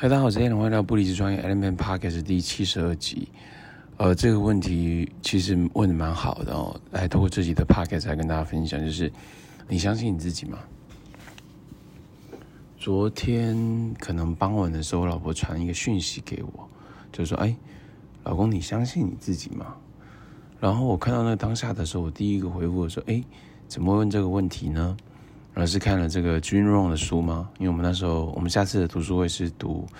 嗨，hey, 大家好，今天 Allen，歡迎來到不離職創業 Element Podcast 第七十二集。呃，這個問題其實問的蠻好的哦，來通過自己的 Podcast 來跟大家分享，就是你相信你自己嗎？昨天可能傍晚的時候，我老婆傳一個訊息給我，就是說：“哎，老公，你相信你自己嗎？”然後我看到那當下的時候，我第一個回復我說：“哎，怎麼會問這個問題呢？”而是看了這個 Jim Rohn 的書嗎？因為我們那時候，我們下次的讀書會是讀《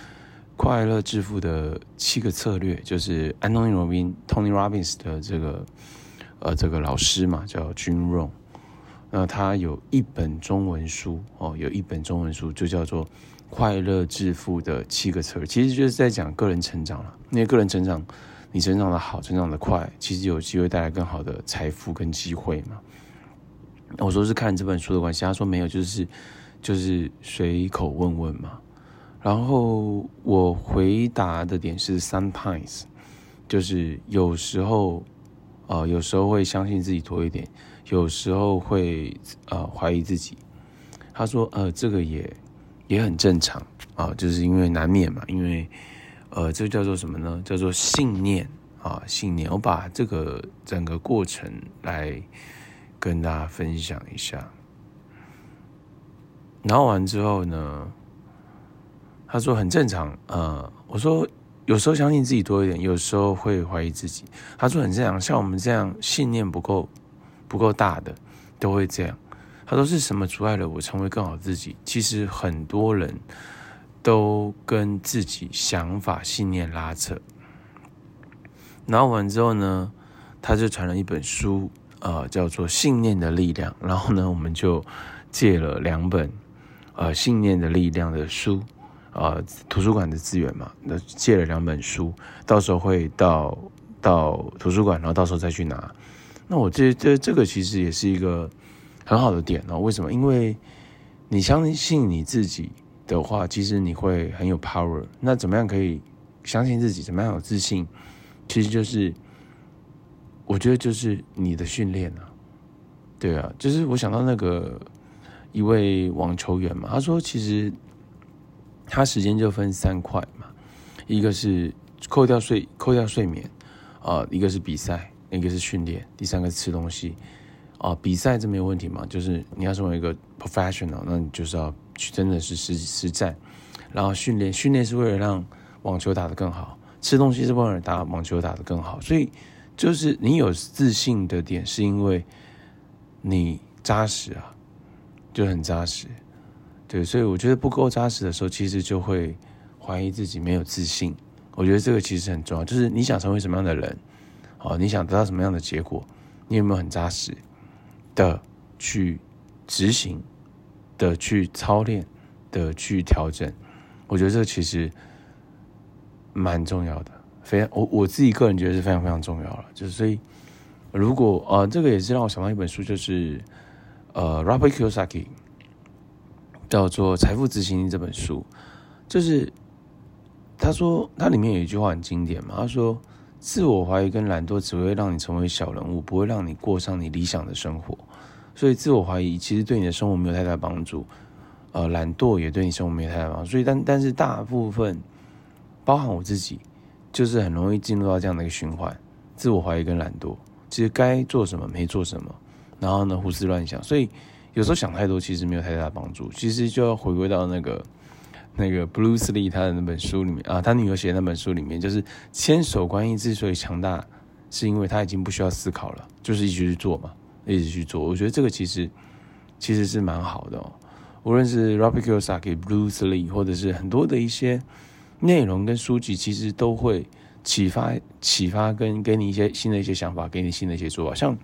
快樂致富的七個策略》，就是安東尼·羅賓 （Tony Robbins） 的這個呃這個老師嘛，叫 Jim Rohn。那他有一本中文書哦，有一本中文書就叫做《快樂致富的七個策略》，其實就是在講個人成長了。因為個人成長，你成長得好，成長得快，其實有機會帶來更好的財富跟機會嘛。我說是看這本書的關係，他說沒有，就是就是隨口問問嘛。然後我回答的點是 sometimes，就是有時候，呃，有時候會相信自己多一點，有時候會呃懷疑自己。他說呃，這個也也很正常啊、呃，就是因為難免嘛，因為呃，這叫做什麼呢？叫做信念啊、呃，信念。我把這個整個過程來。跟大家分享一下，然後完之後呢，他說很正常，呃，我說有時候相信自己多一點，有時候會懷疑自己。他說很正常，像我們這樣信念不夠、不夠大的都會這樣。他說是什麼阻礙了我成為更好自己？其實很多人都跟自己想法、信念拉扯。然後完之後呢，他就傳了一本書。呃，叫做信念的力量。然後呢，我們就借了兩本，呃，信念的力量的書，呃，圖書館的資源嘛，那借了兩本書，到時候會到到圖書館，然後到時候再去拿。那我這這這個其實也是一個很好的點哦。為什麼？因為你相信你自己的話，其實你會很有 power。那怎麼樣可以相信自己？怎麼樣有自信？其實就是。我覺得就是你的訓練啊，對啊，就是我想到那個一位網球員嘛，他說其實他時間就分三塊嘛，一個是扣掉睡扣掉睡眠啊、呃，一個是比賽，一個是訓練，第三個是吃東西啊、呃。比賽這沒有問題嘛，就是你要成為一個 professional，那你就是要去真的是實實戰，然後訓練訓練是為了讓網球打得更好，吃東西是為了打網球打得更好，所以。就是你有自信的點，是因為你扎實啊，就很扎實。對，所以我覺得不夠扎實的時候，其實就會懷疑自己沒有自信。我覺得這個其實很重要，就是你想成為什麼樣的人，哦，你想得到什麼樣的結果，你有沒有很扎實的去執行、的去操練、的去調整？我覺得這個其實蠻重要的。非常，我我自己個人覺得是非常非常重要了。就是所以，如果呃，這個也是讓我想到一本書，就是呃，Robert Kiyosaki，叫做《財富執行力》這本書。就是他說，他裡面有一句話很經典嘛，他說：“自我懷疑跟懶惰只會讓你成為小人物，不會讓你過上你理想的生活。”所以，自我懷疑其實對你的生活沒有太大幫助，呃，懶惰也對你生活沒有太大幫助。所以，但但是大部分，包含我自己。就是很容易進入到這樣的一個循環，自我懷疑跟懶惰，其實該做什麼沒做什麼，然後呢胡思亂想，所以有時候想太多其實沒有太大的幫助。其實就要回歸到那個那個 Bruce Lee 他的那本書裡面啊，他女兒寫的那本書裡面，就是千手觀音之所以強大，是因為他已經不需要思考了，就是一直去做嘛，一直去做。我覺得這個其實其實是蠻好的哦，無論是 Robert Kiyosaki、Bruce Lee 或者是很多的一些。內容跟書籍其實都會啟發、啟發跟給你一些新的一些想法，給你新的一些做法。像，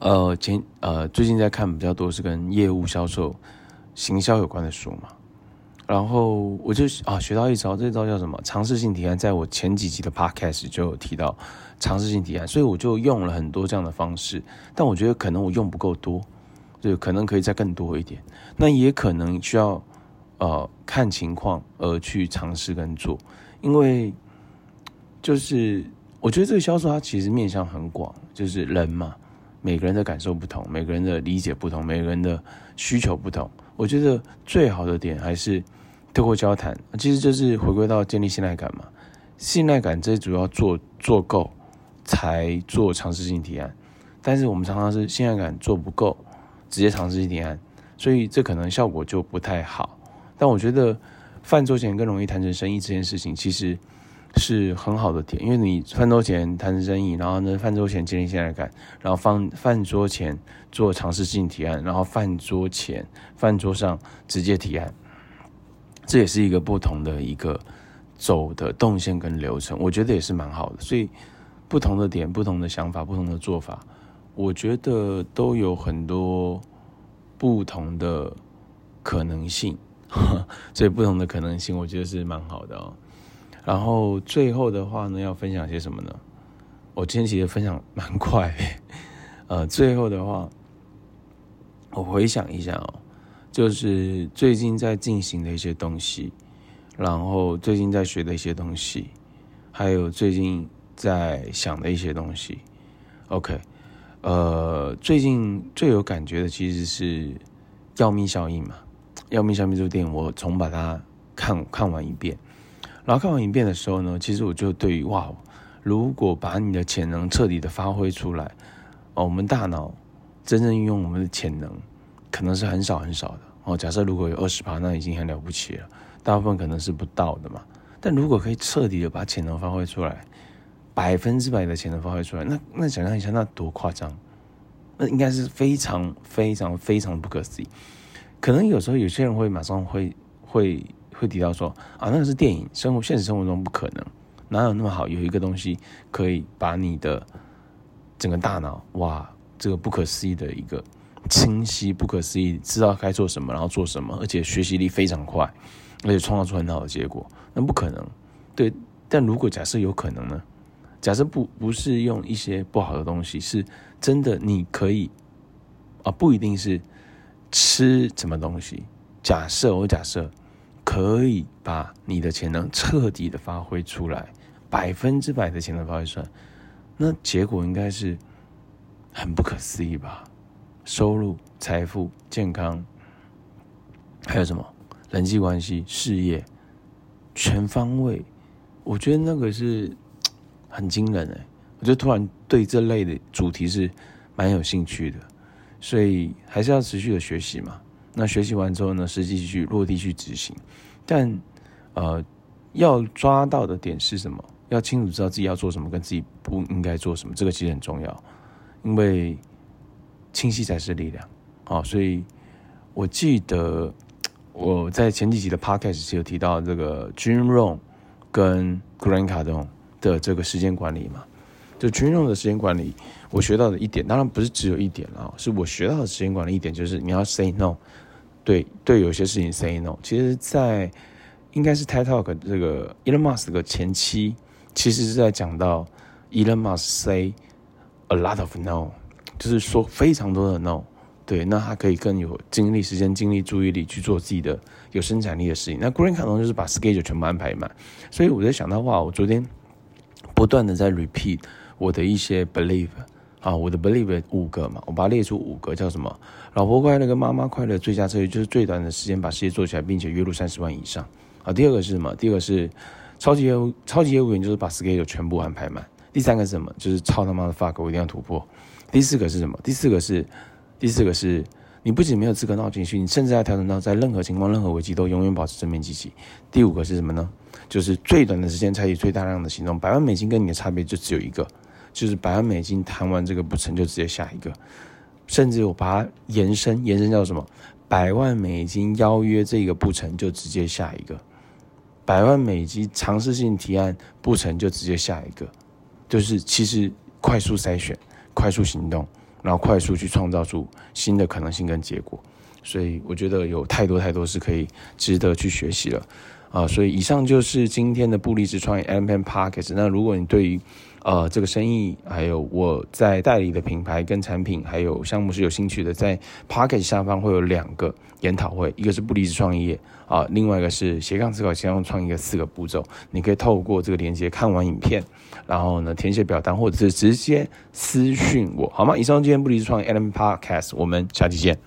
呃，前呃最近在看比較多是跟業務銷售、行銷有關的書嘛。然後我就啊學到一招，這招叫什麼？嘗試性提案，在我前幾集的 podcast 就有提到嘗試性提案，所以我就用了很多這樣的方式。但我覺得可能我用不夠多，就可能可以再更多一點。那也可能需要。呃，看情況而去嘗試跟做，因為就是我覺得這個銷售它其實面向很廣，就是人嘛，每個人的感受不同，每個人的理解不同，每個人的需求不同。我覺得最好的點還是透過交談，其實就是回歸到建立信賴感嘛。信賴感最主要做做夠才做嘗試性提案，但是我們常常是信賴感做不夠，直接嘗試性提案，所以這可能效果就不太好。但我覺得飯桌前更容易談成生意這件事情，其實是很好的點，因為你飯桌前談成生意，然後呢，飯桌前建立信賴感，然後放飯桌前做嘗試性提案，然後飯桌前飯桌上直接提案，這也是一個不同的一個走的動線跟流程，我覺得也是蠻好的。所以不同的點、不同的想法、不同的做法，我覺得都有很多不同的可能性。哈 所以不同的可能性，我覺得是蠻好的哦。然後最後的話呢，要分享些什麼呢？我今天其實分享蠻快，哎，呃，最後的話，我回想一下哦，就是最近在進行的一些東西，然後最近在學的一些東西，還有最近在想的一些東西。OK，呃，最近最有感覺的其實是藥命效應嘛。要命！小命這部電影，我重把它看看完一遍。然後看完一遍的時候呢，其實我就對於哇，如果把你的潛能徹底的發揮出來，哦，我們大腦真正運用我們的潛能，可能是很少很少的哦。假設如果有二十趴，那已經很了不起了。大部分可能是不到的嘛。但如果可以徹底的把潛能發揮出來，百分之百的潛能發揮出來，那那想象一下，那多誇張？那應該是非常非常非常不可思議。可能有時候有些人會馬上會會會提到說啊，那個是電影，生活現實生活中不可能，哪有那麼好？有一個東西可以把你的整個大腦，哇，這個不可思議的一個清晰，不可思議，知道該做什麼，然後做什麼，而且學習力非常快，而且創造出很好的結果，那不可能。對，但如果假設有可能呢？假設不不是用一些不好的東西，是真的你可以，啊，不一定是。吃什麼東西？假設我假設，可以把你的潛能徹底的發揮出來，百分之百的潛能發揮出來，那結果應該是很不可思議吧？收入、財富、健康，還有什麼人際關係、事業，全方位，我覺得那個是很驚人哎、欸！我就突然對這類的主題是蠻有興趣的。所以還是要持續的學習嘛。那學習完之後呢，實際去落地去執行。但，呃，要抓到的點是什麼？要清楚知道自己要做什麼，跟自己不應該做什麼，這個其實很重要。因為清晰才是力量。啊、哦、所以我記得我在前幾集的 podcast 時有提到這個 Jim Rohn 跟 Grant Cardone 的這個時間管理嘛。就群眾的時間管理，我學到的一點，當然不是只有一點啊、喔，是我學到的時間管理一點就是你要 say no。對對，有些事情 say no。其實在，在應該是 TED Talk 這個 Elon Musk 的前期，其實是在講到 Elon Musk say a lot of no，就是說非常多的 no。對，那他可以更有精力、時間、精力、注意力去做自己的有生產力的事情。那 Green 他可能就是把 schedule 全部安排滿，所以我在想的話，我昨天不斷的在 repeat。我的一些 believe 啊，我的 believe 五個嘛，我把它列出五個，叫什麼？老婆快樂跟媽媽快樂最佳策略就是最短的時間把事業做起來，並且月入三十萬以上。啊，第二個是什麼？第二個是超級業務，超級業務員就是把 schedule 全部安排滿。第三個是什麼？就是超他媽的 fuck，我一定要突破。第四個是什麼？第四個是，第四個是你不僅沒有資格鬧情緒，你甚至要調整到在任何情況、任何危機都永遠保持正面積極。第五個是什麼呢？就是最短的時間採取最大量的行動，百萬美金跟你的差別就只有一個。就是百萬美金談完這個不成就直接下一個，甚至我把它延伸延伸叫什麼？百萬美金邀約這個不成就直接下一個，百萬美金嘗試性提案不成就直接下一個，就是其實快速篩選、快速行動，然後快速去創造出新的可能性跟結果。所以我覺得有太多太多是可以值得去學習了啊！所以以上就是今天的不離職創業 Allen Podcast。那如果你對於呃，這個生意，還有我在代理的品牌跟產品，還有項目是有興趣的，在 podcast 下方會有兩個研討會，一個是不離職創業啊、呃，另外一個是斜槓思考斜槓創業的四個步驟，你可以透過這個連接看完影片，然後呢，填寫表單，或者是直接私訊我，好嗎？以上就是今天不離職創業，e，Allen Podcast，我們下期見。